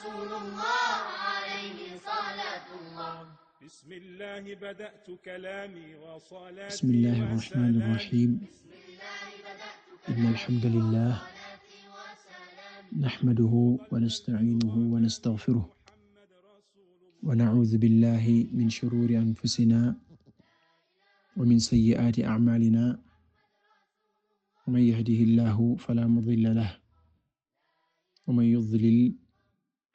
رسول الله عليه صلاة الله بسم الله بدأت كلامي وصلاتي بسم الله الرحمن الرحيم إن الحمد لله نحمده ونستعينه ونستغفره ونعوذ بالله من شرور أنفسنا ومن سيئات أعمالنا ومن يهده الله فلا مضل له ومن يضلل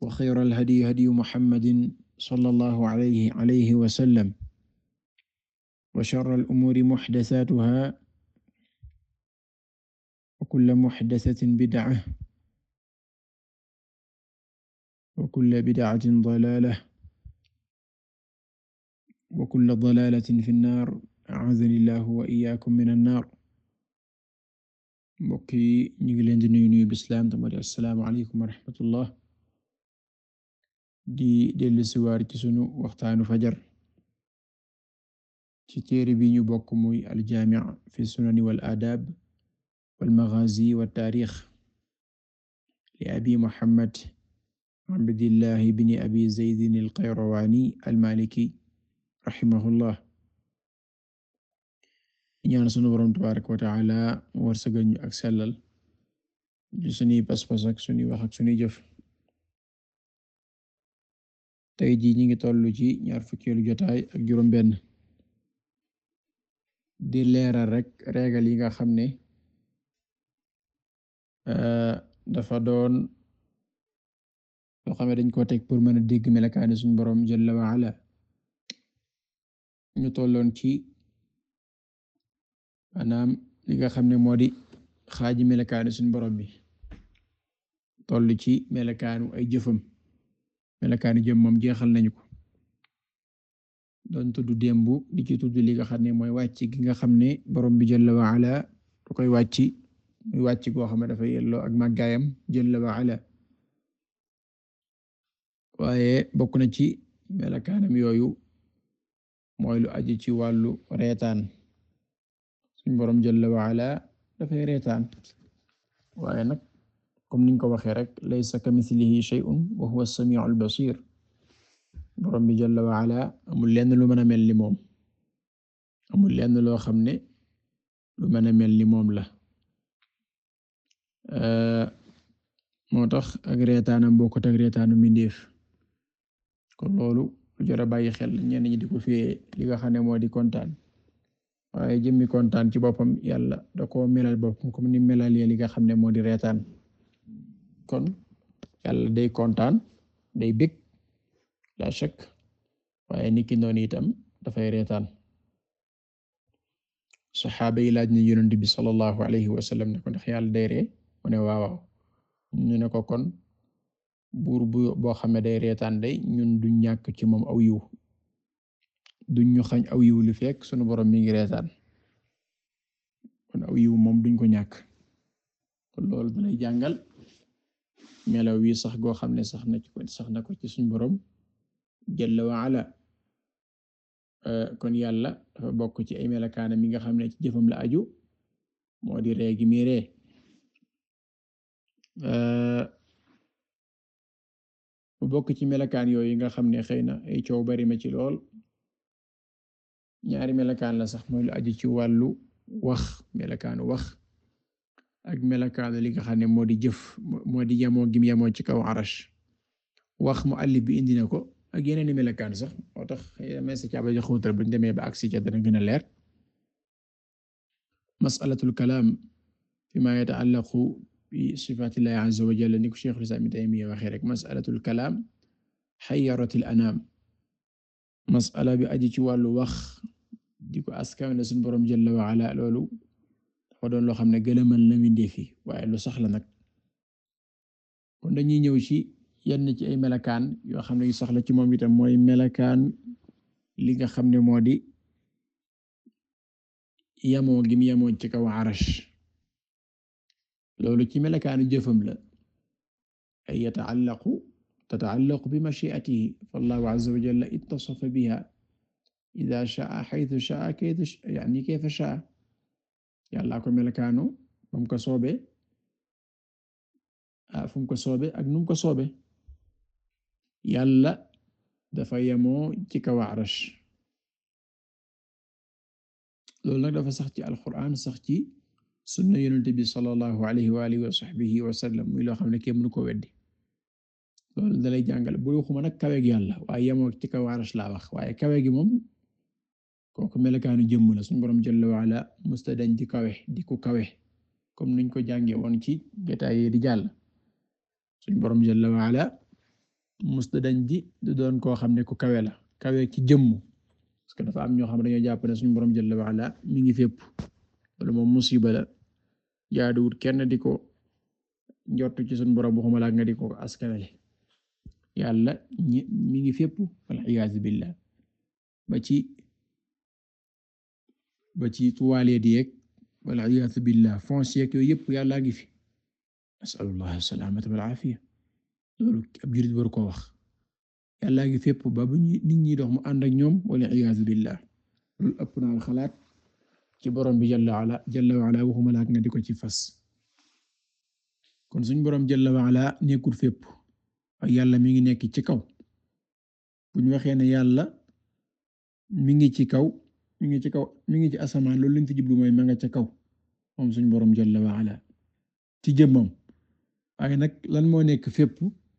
وخير الهدي هدي محمد صلى الله عليه عليه وسلم وشر الأمور محدثاتها وكل محدثة بدعة وكل بدعة ضلالة وكل ضلالة في النار أعاذني الله وإياكم من النار mbokk yi ñu ngi leen di nuyu nuyu bislaam tamit assalaamu aleykum wa rahmatullah di dellu siwaar ci sunu waxtaanu fajar ci téere bi ñu bokk muy fi sunani wal aadaab wal maghazi li abi muhammad abdillah ibni abi zaydin alqayrawaani almaliki rahimahullah ñaan sunu borom tabaaraka wa taala mu wërsëgal ak sellal sunuy pas-pas ak sunuy wax ak tey jii ñi ngi tollu ci ñaar fukkeelu jotaay ak juróom benn di leeral rek reegal yi nga xam ne euh, dafa doon loo xam ne dañ ko teg pour mën a dégg melakaani suñu boroom jalla wa ala ñu tolloon ci maanaam li nga xam ne moo di xaaji melakaani suñu boroom bi toll ci melakaanu ay jëfam melakaani jëm moom jeexal nañu ko doon tudd démb di ci tudd li nga xam ne mooy wàcc ki nga xam ne borom bi jalla wa ala du koy wàcc muy wàcc goo xam ne dafa yelloo ak màggaayam jalla wa ala waaye bokk na ci melakaanam yooyu mooy lu aju ci wàllu reetaan suñ borom jalla wa ala dafay reetaan waaye nag comme niñ ko waxee rek laysa kamithlihi shay'un wa huwa as-sami'u al-basir borom bi jalla wa ala amul lenn lu mën a mel ni moom amul lenn loo xam ne lu mën a mel ni moom la euh, moo tax ak reetaanam bokkut ak reetaanu mindeef kon loolu lu jar a bàyyi xel ñenn ñu di ko fiyee li nga xam ne moo di kontaan waaye jëmmi kontaan ci boppam yàlla da ko melal boppam comme ni melalee li nga xam ne moo di reetaan kon yàlla day kontaan day bég la chak waaye niki noonu itam dafay reetaan saxaaba yi laaj na yonent bi sallallahu alayhi wa sallam ne ko ndax yàlla day ree ne waaw waaw ne ko kon buur bu boo xam ne day reetaan day ñun du ñàkk ci moom aw yiw duñ ñu xañ aw yiw li fekk sunu borom mi ngi reetaan kon aw yiw moom duñ ko ñàkk kon loolu dalay jàngal melaw wi sax goo xam ne sax na ci ko na ko ci suñ borom jalla wa ala eh, kon yàlla dafa bokk ci ay melakaana mi nga xam ne ci jëfam la aju moo di ree gi eh, bokk ci melakaan yooyu nga xam ne xëy na ay coow bari ma ci lool ñaari melokaan la sax mooy lu aju ci wàllu wax melakaanu wax ak melakaanu li nga xam ne moo di jëf moo di yemoo gim yemoo ci kaw arash wax mu allif bi indi na ko ak yeneen i melakaan sax moo tax mesa caaba ja xuutal buñ demee ba ak ca dana gën a leer masalatul kalaam fi ma yataallaqu bi sifaatillahi azza wa jalla ni ko cheikhul islam ibn Taymiyya waxee rek masalatul kalaam xayaratil anaam masala bi aji ci wàllu wax di ko askan la suñu borom jalla loolu dafa loo xam ne gëlëmal na mi ndeefi waaye lu sax la nag kon dañuy ñëw ci yenn ci ay melakaan yoo xam ne yu sax la ci moom itam mooy melakaan li nga xam ne moo di yamoo gi ci kaw arash loolu ci melakaanu jëfam la ay yataallaqu tataallaqu bi mashiatihi fallahu azza wa jalla ittasafa biha ida shaa xaytu shaa shaa yàllaa ko melkaano ba ko soobe ah ko soobe ak nu mu ko soobe yàlla dafa yemoo ci kaw arash loolu nag dafa sax ci alquran sax ci sunna yonent bi sallallahu alayhi wa alihi wa sahbihi wa sallam muy loo xam ne kenn mënu ko weddi loolu dalay jàngale bu waxuma nag kawe gi yàlla waaye yemoo ci kaw arash laa wax waaye kawe gi moom kooku melakaanu jëmm la suñu borom jalla waala musta dañ di kawe di ku kawe comme niñ ko jànge woon ci jotaay di jàll suñu borom jalla waala musta dañ di du doon koo xam ne ko kawe la kawe ci jëmm parce que dafa am ñoo xam ne dañoo jàpp ne suñu borom jalla waala mi ngi fépp wala moom musiba la jaaduwut kenn di ko njortu ci suñu borom waxuma la nga di ko askanale yàlla mi ngi fépp wal iyaazu billah ba ci toilette yeeg wala iyaatu billah fonce yeeg yooyu yëpp yàllaa ngi fi nasalullah salaamata wal aafiya loolu war koo wax ngi fépp ba bu nit ñi dox mu ànd ak ñoom wala iyaatu billah loolu ëpp naa xalaat ci borom bi jalla waala jalla waala waxuma laak nga di ko ci fas kon suñ borom jalla waala nekkul fépp ak yàlla mi ngi nekk ci kaw buñ waxee ne yàlla mi ngi ci kaw mi ngi ci kaw mi ngi ci asamaan loolu lañ ci jublu mooy ma nga ca kaw moom suñu borom jalla wa ala ci jëmmam waaye nag lan moo nekk fépp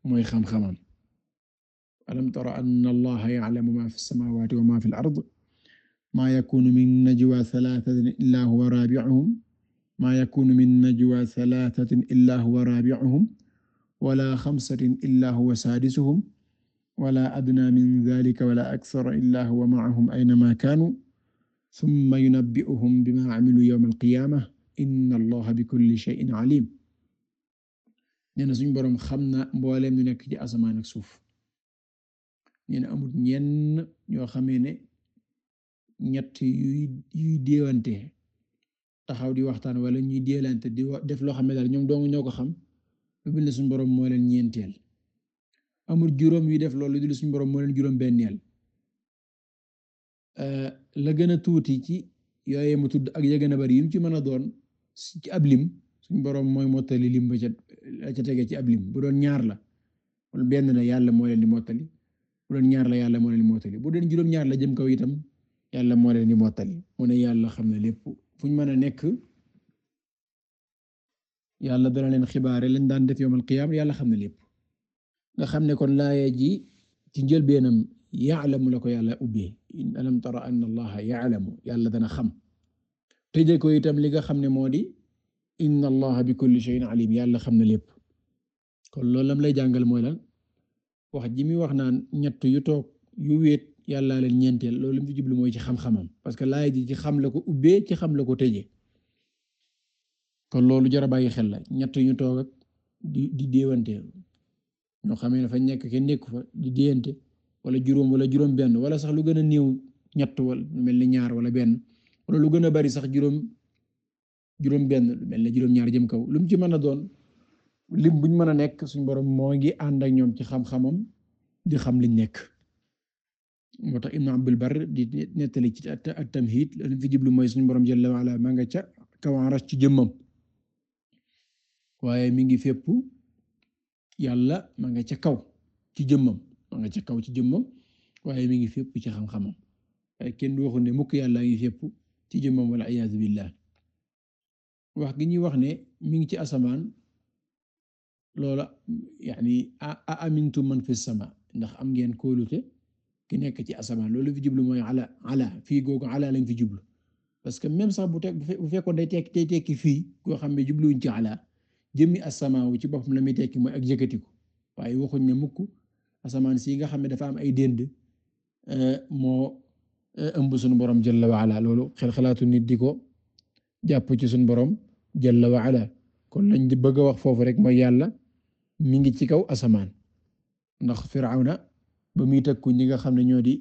mooy xam-xamam alam tara anna allaha ya'lamu ma fi samawati wa ma fi al-ard ma yakunu min najwa thalathatin illa huwa rabi'uhum ma yakunu min najwa thalathatin illa huwa rabi'uhum wala khamsatin illa huwa sadisuhum wala adna min dhalika wala akthara illa huwa ma'ahum aynama kanu summa yunabbi'uhum bimaa amilu yawma alqiyaama inna allaha bi kulli shay'in alim nee na suñu boroom xam na mbooleem lu nekk ci asamaan ak suuf nee na amut ñeen ñoo xamee ne ñett yuy yuy déewante taxaw di waxtaan wala ñuy déelante di def loo xam ne daal ñoom dong ñoo ko xam lu dul ne suñu boroom moo leen ñeenteel amul juróom yuy def loolu lu suñ suñu boroom moo leen juróom benneel Eh, la gën a tuuti ci yooye mu tudd ak ya gën a bari yim ci mën a doon ci ab lim suñ boroom mooy mottali lim ba ca ca tege ci ab lim bu doon ñaar la benn yàlla moo leen di mottali bu doon ñaar la yàlla moo leen di mottali bu juróom-ñaar la jëm kaw itam yàlla moo leen di mottali mu ne yàlla xam ne lépp fuñ mën a nekk yàlla dana leen xibaare lañ daan def yawmal qiyaam yàlla xam ne lépp nga xam ne kon laaya ji ci njëlbeenam ya'lamu la ko yàlla ubbee in alam tara anna allaha ya'lamu yàlla dana xam tëje ko itam li nga xam ne moo di inna allaha bi kulli shay'in alim yàlla xam na lépp kon loolu lam lay jàngal mooy lan wax ji mi wax naan ñett yu toog yu wéet yàlla leen ñeenteel loolu lim ci jublu mooy ci xam-xamam parce que laay ji ci xam la ko ubbee ci xam la ko tëjee kon loolu jar a bàyyi xel la ñett yu toog ak di di déewante xamee ne fa nekk ke nekku fa di déewante wala juróom wala juróom-benn wala sax lu gën a néew ñett wala mel ni ñaar walla benn wala lu gën a bari sax juróom juróom-benn lu mel ni juróom-ñaar jëm kaw lu mu ci mën a doon lim buñ mën a nekk suñ borom moo ngi ànd ak ñoom ci xam di xam liñ nekk. moo tax Ibnu Abdul Barr di nettali ci at-Tamhiid li fi mooy suñu borom jalla wa ala maa nga ca kaw ci jëmmam waaye mi ngi fépp yàlla maa nga ca kaw ci jëmmam. nga ci kaw ci jëmmam waaye mi ngi fépp ci xam-xamam waaye kenn du waxu ne mukk yàlla ngi fépp ci jëmmam wala ayaazu billah wax gi ñuy wax ne mi ngi ci asamaan loola yaani a amintu man fi sama ndax am ngeen kóolute nekk ci asamaan loolu fi jublu mooy ala fii googu ala lañ fi jublu parce que même sax bu te bu fekkoon day tekki day tekki fii koo xam ne jubluwuñ ci ci boppam la muy tekki mooy ak yëkkatiku waaye waxuñ ne mukk asamaan si nga xam ne dafa am ay dénd eh, moo eh, ëmb suñu borom jalla wa ala loolu xel-xalaatu nit di ko jàpp ci suñu borom jalla wa ala kon lañ di bëgg a wax foofu rek mooy yàlla mi ngi ci kaw asamaan ndax firawna ba muy tëkku ñi nga xam ne ñoo di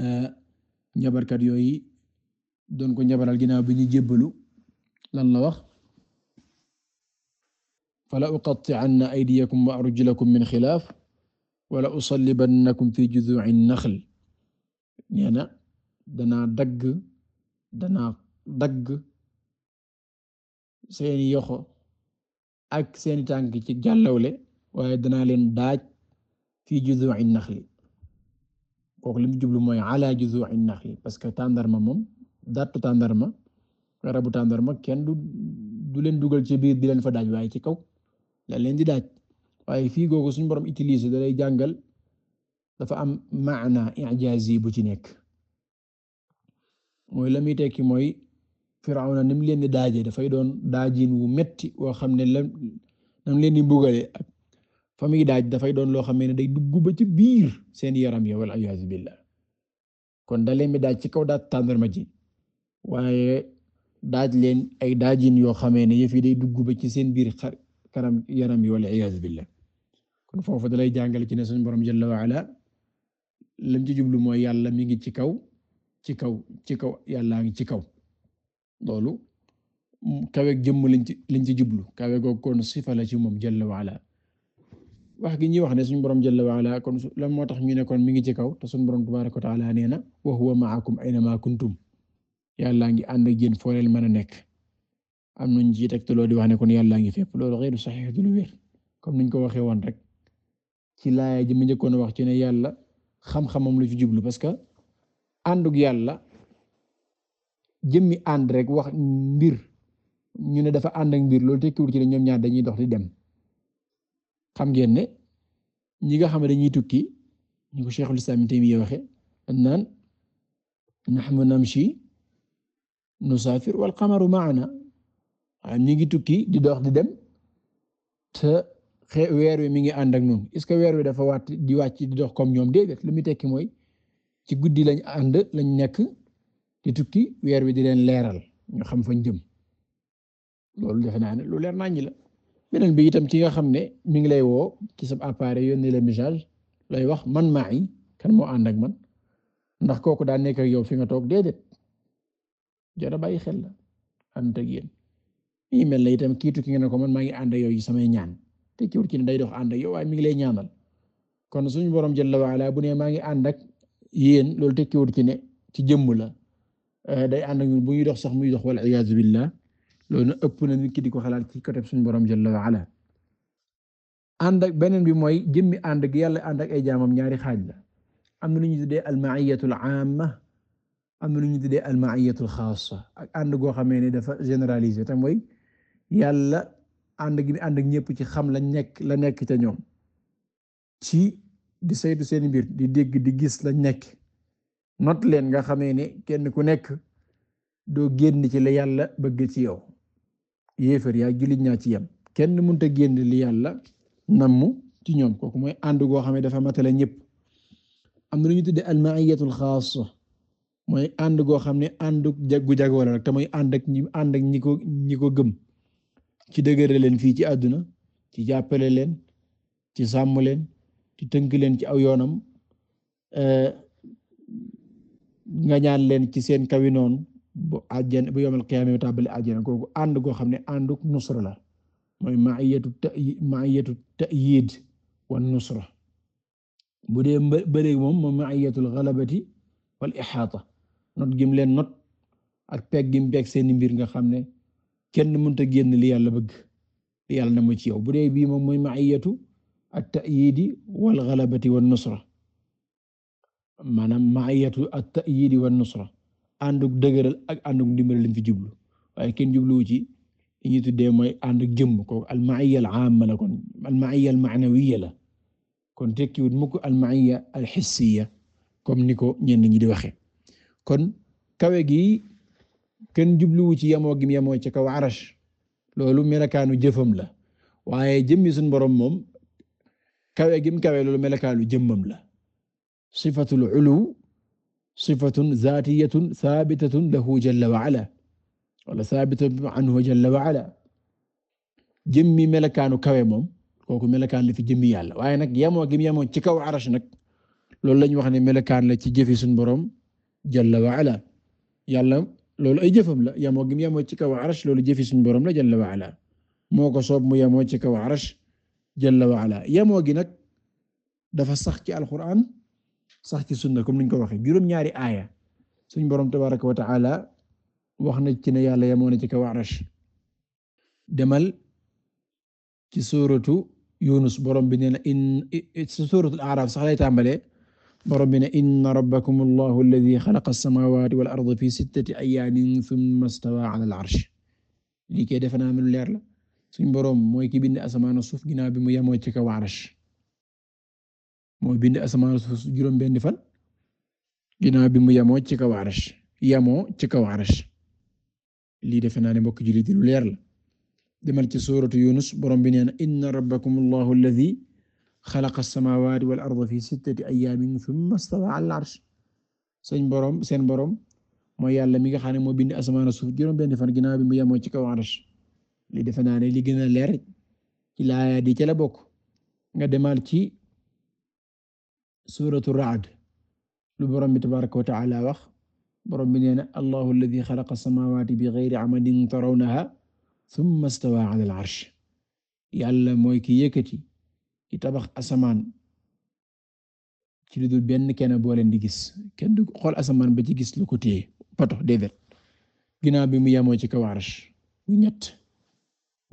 eh, njabarkat yooyu doon ko njabaral ginnaaw bi ñu jébbalu lan la wax fala uqatti'anna aydiyakum wa arjulakum min xilaaf wala usallibannakum fi judu'i naxl nee na danaa dagg danaa dagg seeni yoxo ak seeni tànk ci jàllawle waaye danaa leen daaj fi judu'i naxli kooku li mu jublu mooy ala judu'i naxli parce que tàndarma moom dattu tàndarma garabu tàndarma kenn du du leen dugal ci biir di leen fa daaj waaye ci kaw la leen di daaj waaye fii googu suñu borom utiliser da jàngal dafa am maana ijazi bu ci nekk mooy la muy tekki mooy firawna ni mu leen di daaje dafay doon daajin wu metti woo xam ne la nam leen di mbugale ak fa muy daaj dafay doon loo xam ne day dugg ba ci biir seen yaram ya wal iyaazu billah kon da leen mi daaj ci kaw daaj tàndarma ji waaye daaj leen ay daajin yoo xamee ne yëf yi day dugg ci seen biir xar karam yaram yi wal iyaaz billah kon foofu dalay jàngal ci ne suñ borom jalla wa ala ci jublu mooy yàlla mi ngi ci kaw ci kaw ci kaw yàllaa ngi ci kaw loolu kawe jëmm lañ ci lañ ci jublu kawe googu kon sifa la ci moom jalla waala ala wax gi ñuy wax ne suñu borom jalla wa ala kon lan moo tax ñu ne kon mi ngi ci kaw te suñu borom tabaaraka wa taala nee na wa huwa ma'akum aynama kuntum yàllaa ngi ànd ak yéen foo mën a nekk. am nañ ji tegtaloo di wax ne kon yàlla ngi fépp loolu xëy na saxiix du lu wér comme niñ ko waxee woon rek ci laaya ji mu njëkkoon wax ci ne yàlla xam-xamam lu ci jublu parce que àndug yàlla jëmmi ànd rek wax mbir ñu ne dafa ànd ak mbir loolu tekkiwul ci ne ñoom ñaar dañuy dox di dem xam ngeen ne ñi nga xam dañuy tukki ñu ko Cheikhul Islam Taymiyya waxe naan nahnu namshi nusaafir wal qamaru ma'ana ñi ngi tukki di dox di dem te weer wi mi ngi ànd ak ñun est-ce que weer wi dafa wàtt di wàcc di dox comme ñoom déedéet li muy tekki mooy ci guddi lañ ànd lañ nekk di tukki weer wi di leen leeral ñu xam fañ jëm loolu defe naa ne lu leer naññi la beneen bi itam ci nga xam ne mi ngi lay woo ci sa appareil yónnee la missage lay wax man maa yi kan moo ànd ak man ndax kooku daa nekk yow fi nga toog déedéet jara bàyyi xel la ànd ak yi mel na itam kii tukki nga ne ko man maa ngi ànd ak samay ñaan te kiiwut ki ne day dox ànd ak yow waaye mi ngi lay ñaanal kon suñu borom jalla wa ala bu ne maa ngi ànd ak yéen loolu te kiiwut ki ne ci jëmm la eh, day ànd ak bu ñuy dox sax muy dox wal iyaazu loolu nag ëpp na nit di ko xalaat ci côté suñu borom jalla wa ak beneen bi mooy jëmmi ànd yàlla ànd ay jaamam ñaari xaaj la am na lu ñu tuddee almaiyatul amma am na lu ñu tuddee almaiyatul xaasa ak ànd goo xamee ne dafa généralisé tam mooy yàlla ànd gi ànd ak ñëpp ci xam la nekk la nekk ca ñoom ci di saytu seen mbir di dégg di gis la nekk not leen nga xamee ne kenn ku nekk doo génn ci la yàlla bëgg ci yow yéefar yaa jullit naa ci yem kenn mënta génn li yàlla nammu ci ñoom kooku mooy ànd goo xam ne dafa matale ñëpp am na lu ñu tuddee almaiyatul xaasa mooy ànd goo xam ne ànd gu jagoo la rek te mooy ànd ak ñi ànd ak ñi ko ñi ko gëm ci dëgër leen fii ci àdduna ci jàppale leen ci sàmm leen ci tënk leen ci aw yoonam eh, nga ñaan leen ci seen kawi noonu bu àjjana bu yomal qiyaama tàbbali àjjana googu ànd goo xam ne ànduk nusra la mooy ma'iyatu ta ma'iyatu wan nusra bu dee bëreeg moom moom ma'iyatul ghalabati wal ihaata not gim leen not ak peg gim peg seeni mbir nga xam ne kenn mënta génn li yàlla bëgg li yàlla na mu ci yow bu dee bii moom mooy maiyatu at-ta'yid wal ghalabati wan nusra maanaam maiyatu at-ta'yid wan nusra ànduk dëgëral ak ànduk ndimbal lañ fi jublu waaye kenn jubluwu ci li ñuy tuddee mooy ànduk jëmm ko al maiya al aama la kon al maiya la kon tekkiwut mukk al maiya al hissiya comme ni ko ñenn ñi waxe kon kawe kenn jubliwu ci yemoo gim yemoo ci kaw arash loolu melakaanu jëfam la waaye jëmmi suñ borom moom kawe gim kawe loolu melakaanu jëmmam la sifatul ulu sifatun zaatiyatun saabitatun lahu jalla wa ala wala saabitatun anhu jalla wa ala kawe moom kooku melakaan la fi jëmmi yàlla waaye nag yamoo gim yemoo ci kaw arash nag loolu lañ wax ne melakaan la ci jëfi suñ borom jalla wa yàlla loolu ay jëfam la yamoo gi mu yamoo ci kaw arash loolu jëfi suñu borom la jalla wa ala moo ko soob mu yamoo ci kaw arash jalla wa ala yamoo gi nag dafa sax ci alquran sax ci sunna comme niñ ko waxee juróom-ñaari aaya suñu borom tabaraka wa taala wax na ci ne yàlla yamoo na ci kaw arash demal ci suuratu yunus borom bi nee na in suuratu al sax lay tàmbalee borom bi ne inna rabbakum allahu alladi xalaqa alsamawati wal arda fi sittati ayaamin thumma stawa ala al arsh lii kee defe naa melu leer la suñ boroom mooy ki bind asamaana suuf ginnaaw bi mu yemoo ci kaw arsh mooy bind asamaana suuf juróom benn fan ginnaaw bi mu yemoo ci kaw arsh yemoo ci kaw arsh lii defe naa ne mbokk jullit lu leer la demal ci suuratu yunus borom bi nee na inna rabbakum allahu alladi xalaqa samaawaati wal arda fi sittati ayyaamin thumma stawaa alal arsh seen borom seen borom mooy yàlla mi nga xam ne moo bind asamaan suuf juróom benn fan ginnaaw bi mu yemoo ci kaw arsh li defe naa ne li gën a leer ci laaya di ca la bokk nga demal ci suuratu Ra'd lu borom bi tabaaraka wa ta'aala wax borom bi nee na allahu alladi xalaqa samaawaati bi ghayri amadin tarawnaha thumma stawaa alal arsh yàlla mooy ki yëkkati di tabax asamaan ci lu dul benn kenn boo leen di gis kenn du xool asamaan ba ci gis lu ko téye poto déedéet ginaaw bi mu yemoo ci kaw bu ñett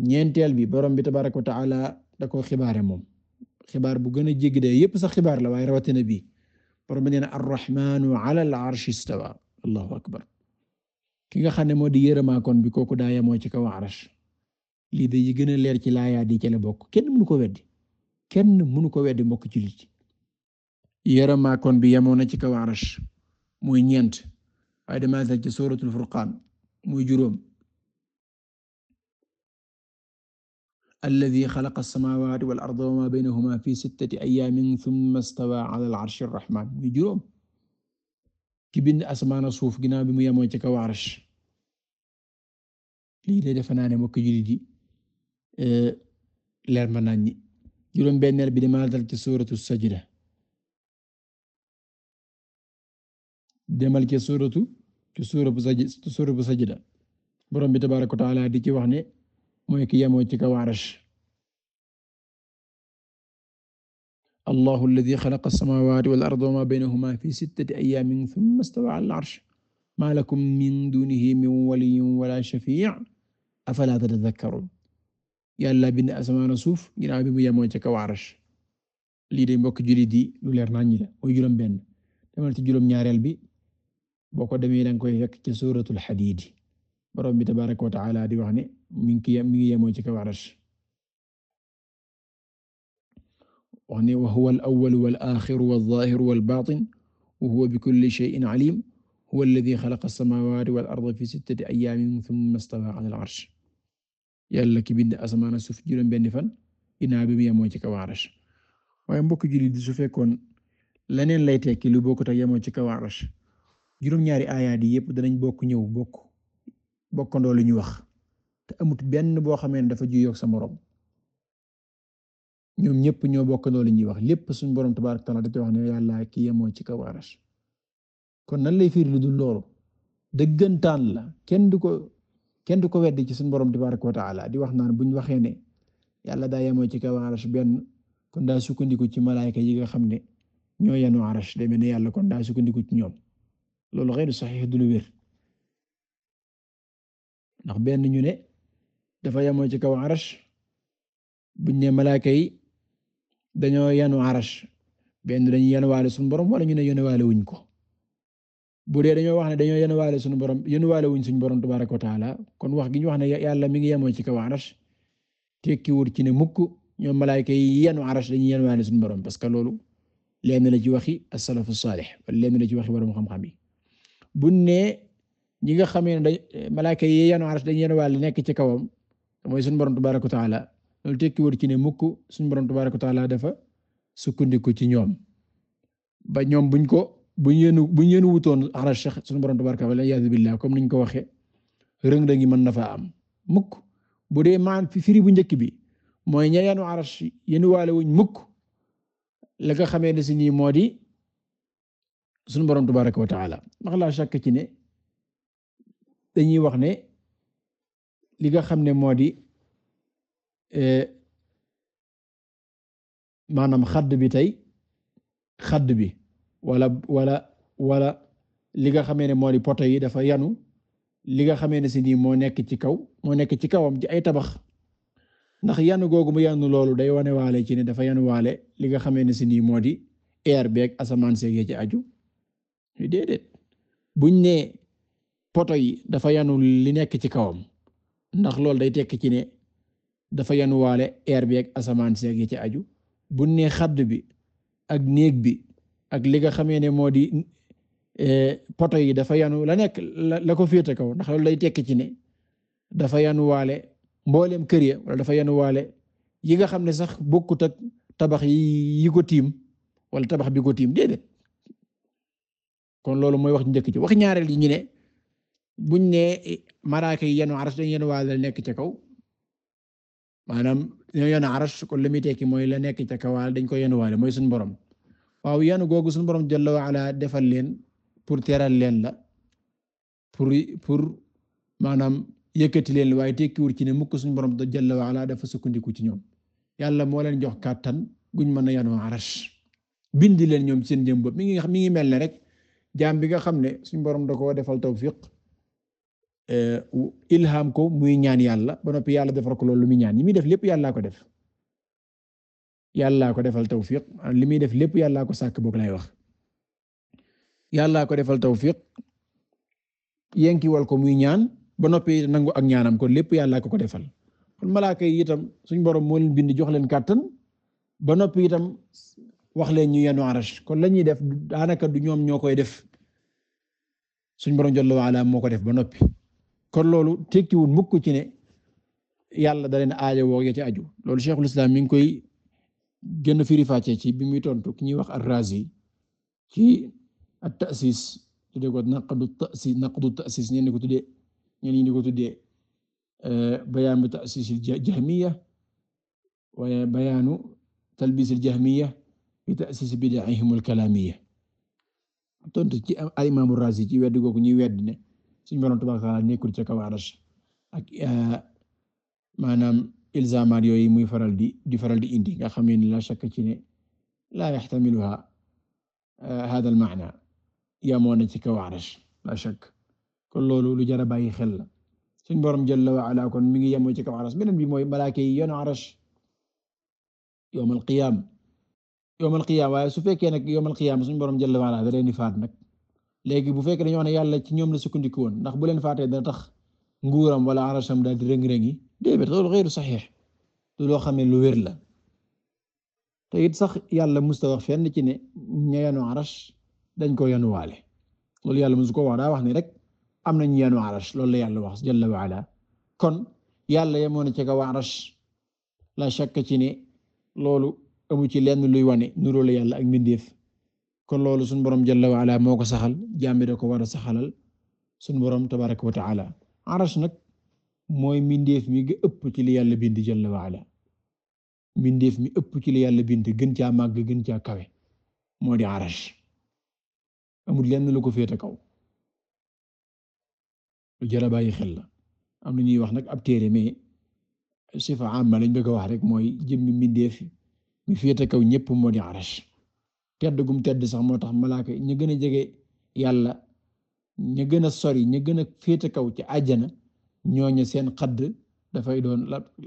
ñeenteel bi borom bi tabaaraka wa da koo xibaare moom xibaar bu gën a jéggi day yépp sax xibaar la waaye rawatina bi borom bi nee na arrahmaanu ala akbar ki nga xam ne moo di yërëmaa kon bi ku daa yemoo ci kaw arsh lii de yi gën a leer ci laayaa di ci bokk kenn mënu ko weddi kenn mënu ko weddi mbokk jullit yaramaakoon bi yemoon na ci kaw arash muy ñeent waaye dama sax ci suratul furqaan muy juróom alladi xalaqa alsamawati wal arda wa ma baynahuma fi sittati ayaamin thumma istawaa ala al arshi arrahman muy juróom ki bind asmaana suuf ginnaaw bi mu yemoo ci kaw arsh lii de defe naa eh, leer ma nañ ñi juróom benneel bi dina dal ci suuratu sajda demal ci suuratu ci suuratu sajda suuratu sajda borom bi tabaaraka wa taala di ci wax ne mooy ki yemoo ci kaw arsh allahu alladi xalaqa as-samaawaati wal arda wa maa baynahumaa fi sittati ayyaamin summa istawaa alal arsh maa lakum min duunihi min waliyyin wa laa shafii' afalaa tadhakkaruun yàlla bind asamaan suuf ginnaaw bi mu yemoo ca kaw arsh lii de mbokk jullit di lu leer naa ñi la mooy juróom benn demal ci juróom ñaareel bi boo ko demee danga koy fekk ci suuratul Hadiid borom bi tabaaraka wa ta'aala di wax ne mi ngi mi ngi yemoo ci kaw arsh wax ne wa huwa al-awwalu wal-aaxiru waz-zaahiru wal-baatin wa huwa bikulli shay'in aliim huwa alladhii khalaqa as-samaawaati wal-arda fii sittati ayyaamin thumma istawaa 'alal 'arsh yàlla ki bind asamaan suuf juróom benni fan ginnaaw bi mu yemoo ci kaw arash waaye mbokk jullit su fekkoon leneen lay tekki lu yemoo ci kaw juróom-ñaari aayaat yi yëpp danañ bokk ñëw bokk bokkandoo lu ñu wax te benn boo xamee ne dafa juyoog sa morom ñoom ñëpp ñoo bokkandoo lu ñuy wax lépp suñu borom tabaaraka taala dafa wax ne yàlla ki yemoo ci kaw arash kon nan lay firi lu dul loolu dëggantaan la kenn du ko kenn du ko weddi ci suñu borom tabaraka wa taala di wax naan buñ waxee ne yàlla daa yemoo ci kaw arash benn kon daa sukkandiku ci malaayka yi xam ne ñoo yenu arash demee ne kon daa sukkandiku ci ñoom loolu xeyru saxiix du lu wér ndax benn ñu ne dafa yemoo ci kaw arash buñ ne malaayka yi dañoo yenu arash benn dañu yenuwaale suñu borom wala ñu ne yenuwaale wuñ ko bu dee dañoo wax ne dañoo yenn waale suñu borom yenu waale wuñ suñu borom tabaaraka wa taala kon wax gi ñu wax ne yàlla mi ngi yemoo ci kaw arash tekki wut ci ne mukk ñoom malaayika yi yenu arash dañuy yenu waale suñu borom parce que loolu leen la ci waxi as-salafu saalih wala leen la ci waxi borom xam-xam bu ne ñi nga xamee ne dañ malaayika yi yenu arash dañuy yenu waale nekk ci kawam mooy suñu borom tabaaraka wa taala loolu tekki wut ci ne mukk suñu borom tabaaraka wa taala dafa sukkandiku ci ñoom ñoom buñ ko. bu ñu yéen bu wutoon ala Cheikh sunu borom tabaraka wala iyaazu billah comme niñ ko waxee rëng-rëng mën na am mukk bu dee maan fi firi bu njëkk bi mooy ña yanu arash yéen waale wuñ mukk la nga xamee ne si moo di sunu borom tabaraka wa taala ndax laa shakk ci ne dañuy wax ne li nga xam ne moo di eh, maanaam xadd bi tey xadd bi. wala wala wala li nga xamee ne moo di poto yi dafa yanu li nga xamee si nii moo nekk ci kaw moo nekk ci kawam ci ay tabax ndax yanu googu mu yanu loolu day wane waale ci ne dafa yanu waale li nga xamee si nii moo di air beeg asamaan seeg ci aju déedéet buñ poto yi dafa yanu li nekk ci kawam ndax loolu day tekki ci ne dafa yanuwaale air bi ak asamaan seeg yi ci aju bu ne xadd bi ak néeg bi ak li nga xamee ne moo di e, poto yi dafa yanu la nekk la ko féete kaw ndax loolu lay tekki ci ne dafa yanuwaale mboolem kër ya wala dafa yanu waale yi nga xam ne sax bokkut ak tabax yi ko tiim wala tabax bi ko tiim déedéet kon loolu mooy wax njëkk ci wax ñaareel yi ñu ne buñ ne e, maraaka yi yanu aras dañ yanu waale la nekk ca kaw maanaam ñoo yanu aras kon li muy tekki mooy la nekk ca kaw dañ ko yanu mooy suñu borom. waaw yanu googu suñu borom jalla wa ala defal leen pour teeral leen la pour pour maanaam yëkkati leen la waaye tekkiwul ci ne mukk suñu borom jalla wa ala dafa sukkandiku ci ñoom yàlla moo leen jox kàttan guñ mën a yanoo arash bindi leen ñoom seen jëm bopp mi ngi mi ngi mel ne rek jaam bi nga xam ne suñu borom da koo defal tawfiq eh, ilham ko muy ñaan yàlla ba noppi yàlla defal ko loolu lu muy ñaan yi muy def lépp yàlla ko def. yàllaa ko defal tawfiq li muy def lépp yàllaa ko sàkk boog lay wax yàllaa ko defal tawfiq yenkiwal ko muy ñaan ba noppi nangu ak ñaanam kon lépp yàllaa ko ko defal kon malaaka yi itam suñ borom moo leen bind jox leen kàttan ba noppi itam wax leen ñu yenu arash kon la def daanaka du ñoom ñoo koy def suñ borom jalla wa ala moo ko def ba noppi kon loolu tekkiwul mukk ci ne yàlla da leen aajo woo ya aju loolu cheikhul islam mi koy gën a firi fàccee ci bi muy tontu ki ñuy wax ar-Razi ci at-ta'sis tuddee ko naqdu ta'sis naqdu ta'sis ñenn ko tuddee ñenn ñi ko tuddee euh, bayaanu ta'sis al-jahmiyya wa bayaanu talbis al-jahmiyya fi ta'sis bid'ihim al-kalamiyya tontu ci al-imam ar ci weddi googu ñuy weddi ne suñu Boroom tabaaraka wa ta'aala nekkul ca kaw arsh euh, maanaam ilzamaat yooyu muy faral di di faral di indi nga xam ne la shakk ci ne la yaxtamiluha hada al maana yamoo na ci kaw arash la shakk kon loolu lu jar a bàyyi xel la suñ borom jalla wa ala kon mi ngi yemoo ci kaw arash beneen bi mooy malaaka yi yoon arash yawmal qiyaam yawmal qiyaam waaye su fekkee nag yawmal qiyaam suñ borom jalla wa ala da leen di faat nag léegi bu fekkee dañoo ne yàlla ci ñoom la sukkandiku woon ndax bu leen faatee dana tax nguuram wala arasham daal di rëng déedéet loolu xëyru saxiix du loo xam ne lu wér la te it sax yàlla musta wax fenn ci ne ña yanu arash dañ ko yanu waale loolu yàlla musu ko wax daa wax ni rek am na ñu yanu arash loolu la yàlla wax jalla wa ala kon yàlla yemoon na ci kaw arash la shakka ci ne loolu amu ci lenn luy wane nuroo la yàlla ak mbindeef kon loolu sunu borom jalla wa ala moo ko saxal jaam bi da ko war a saxalal sunu borom tabaraka wa taala arash nag mooy mindeef mi nga ëpp ci li yàlla bind jalla waala mindeef mi ëpp ci li yàlla bind gën caa màgg gën caa kawe moo di arash amul lenn lu ko féete kaw lu a bàyyi xel la am na ñuy wax nag ab téere mais sifa ma lañ bëgg a wax rek mooy jëmmi mindeef mi féete kaw ñëpp moo di arash tedd gum tedd sax moo tax malaaka ña gën a jege yàlla ña gën a sori ña gën a féete kaw ci àjjana ñooñu seen xadd dafay doon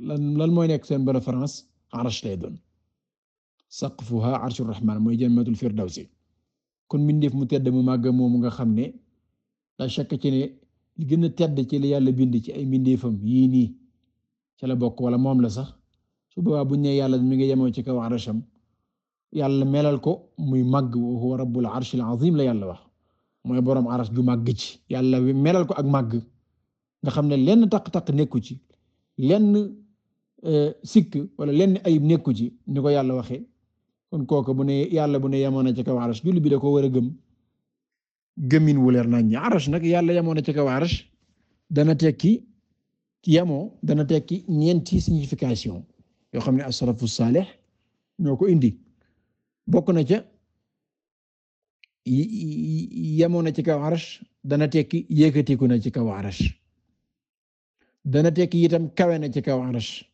lan lan mooy nekk seen préférence arsh lay doon saqfuha arshur rahman mooy jannatul firdawsi kon mbindeef mu tedd mu màgg moomu nga xam ne la chakk ci ne li gën a tedd ci li yàlla bind ci ay mbindeefam yii nii ci la bokk wala moom la sax su boobaa buñ ne yàlla mi ngi yemoo ci kaw arsham yàlla melal ko muy màgg wa huwa rabbul arshil azim la yàlla wax mooy borom arsh gu màgg ci yàlla melal ko ak màgg nga xam ne lenn taq-taq nekku ci lenn euh, sikk wala lenn ayib nekku ci ni ko yàlla waxee kon kooku bu ne yàlla bu ne yemoon na ci kaw arash julli bi da ko war a gëm gëmin wu leer nañ ñi nag yàlla yemoon na ci kaw dana tekki yemoo dana tekki ñeenti signification yoo xam ne as-salafu saalih ñoo ko indi bokk na ca yemoon na ci kaw arash dana tekki yékkatiku na ci kaw dana tekki itam kawe na ci kaw arash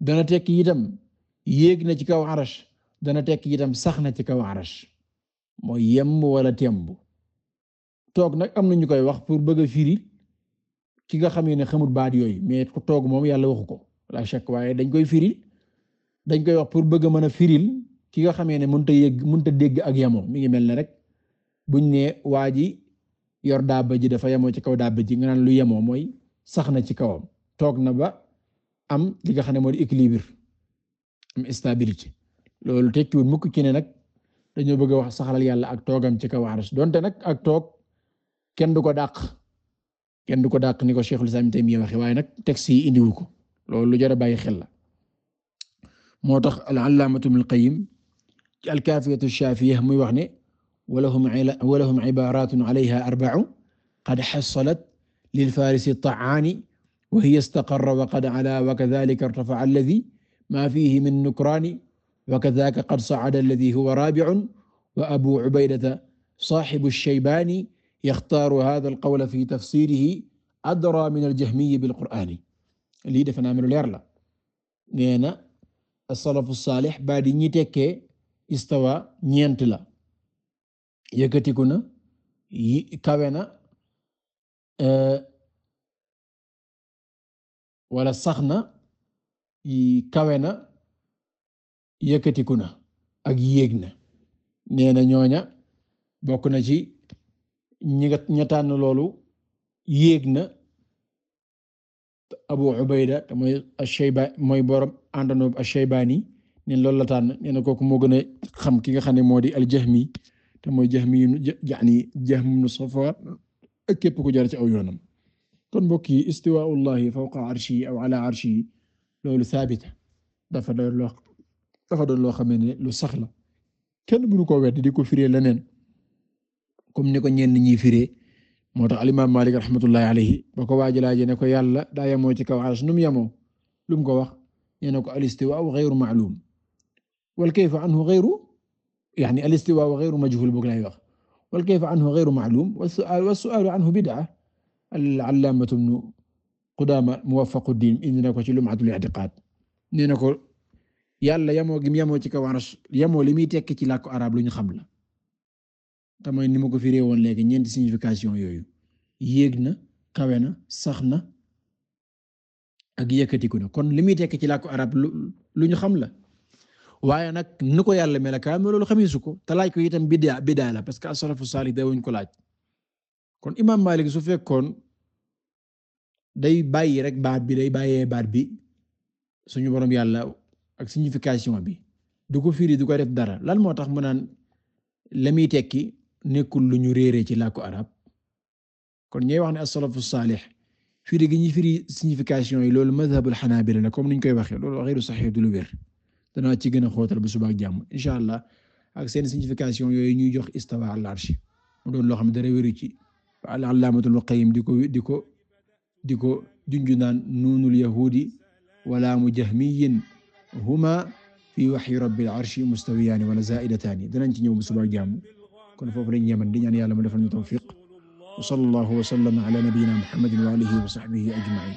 dana tekki itam yéeg na ci kaw arash dana tekki itam sax na ci kaw arash mooy yemb wala temb toog nag am na ñu koy wax pour bëgg a ki nga xamee ne xamul baat yooyu mais ku toog moom yàlla waxu ko la waaye dañ koy firil dañ koy wax pour bëgg mën a firil ki nga xamee ne mënut a yëg mënut a dégg ak yamoo mi ngi mel ne rek buñ ne waa ji yor daaba ji dafa yamoo ci kaw daaba ji nga naan lu yemoo mooy sax na ci kawam toog na ba am li nga xam ne moo di équilibre am stabilité loolu tekkiwul mukk ci ne nag dañoo bëgg a wax saxalal yàlla ak toogam ci kaw arsh donte nag ak toog kenn du ko dàq kenn du ko dàq ni ko Cheikhul Islam Taymiyya waxe waaye nag texte yi indiwu ko loolu lu jar a bàyyi xel la moo tax al-allaamatu Ibnul Qayyim ci al-Kaafiyatu ash-Shaafiyya muy wax ne wa lahum ibaaratun alayha arba'u qad hassalat lilfarisi taani wa hiya istaqarra wa qad ala wa kadhalika irtafa'a alladhi ma fihi min nukrani wa kadhaka qad sa'ada alladhi huwa rabi'un wa abu ubaydata sahibu ash-shaybani yaxtaaru hadha al-qawla fi tafsirihi adra min al-jahmiyyi bil-qur'ani lii defe naa melu leer la nee na as-salafu saalih baa di ñi tekkee istawa ñeent la yëkkatiku na kawe na wala sax na kawe na yëkkatiku na ak yéeg na nee na ñooña bokk na ci ñi nga ñettaan loolu yéeg na Abu Ubayda te mooy Shayba mooy borom àndandoo Shaybaani ne loolu la tànn nee na kooku moo gën a xam ki nga xam ne moo di al Jahmi te mooy Jahmi yani Jahm ibn ak ku jaar ci aw yoonam kon mbokk yi istiwaa'ullahi fawqa arshi aw ala arshi loolu saabita dafa doon loo dafa ne lu sax la kenn mënu ko weddi di ko firee leneen comme ni ko ñenn ñi firee moo tax alimaam Maalik rahmatullahi alayhi ba ko waajalaaje ne ko yàlla da yemoo ci kaw arsh nu mu ko wax ñu ne ko al istiwaa'u ghayru ma'luum wal kayfu anhu ghayru yaani al istiwaa'u ghayru majhuul boog lay wax wal kayfu anhu ghayru ma'lum was-su'aalu anhu bid'a al-allaama ibnu Qudaama Muwaffaqud-Diin indi ko ci Lum'atul I'tiqaad nee na ko yàlla yamoo gim yamoo ci kaw arsh yamoo li muy tekki ci làkku arab lu ñu xam la te ni ma ko firee woon léegi ñeenti signification yooyu yéeg na kawe na sax na ak yëkkatiku na kon li muy tekki ci lakk arab lu ñu xam la. waaye nag ni ko yàlla melakaa mais loolu xamisu ko te laaj ko itam bidaa bidaa la parce que asrafu saalih da wuñ ko laaj kon imaam Malik su fekkoon day bàyyi rek baat bi day bàyyee baat bi suñu borom yàlla ak signification bi du ko firi du ko def dara lan moo tax mu naan la muy tekki nekkul lu ñu réeree ci làkku arab kon ñooy wax ne as-salafu saalih firi gi ñuy firi signification loolu mazhabul xanaabila la comme niñ koy waxee loolu xëyru saxiix du lu danaa ci gën a xóotal bu suba ak jàmm incha allah ak seen signification yooyu ñuy jox istawa al arsh mu loo xam ne dara wéru ci al allaamatul qayyim di ko di ko di ko junju naan nuunul yahudi walaamu jahmiyin huma fi waxyi rabbil arshi mustawiyaani wala zaidataani danañ ci ñëw bu suba ak jàmm kon foofu lañ yeman di ñaan yàlla mu defal ñu tawfiq wa sallallahu wa sallama ala nabiyyina muhammadin wa alihi wa sahbihi ajmain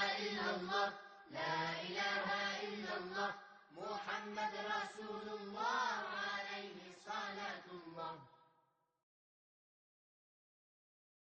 لا إله إلا الله محمد رسول الله عليه الصلاة والسلام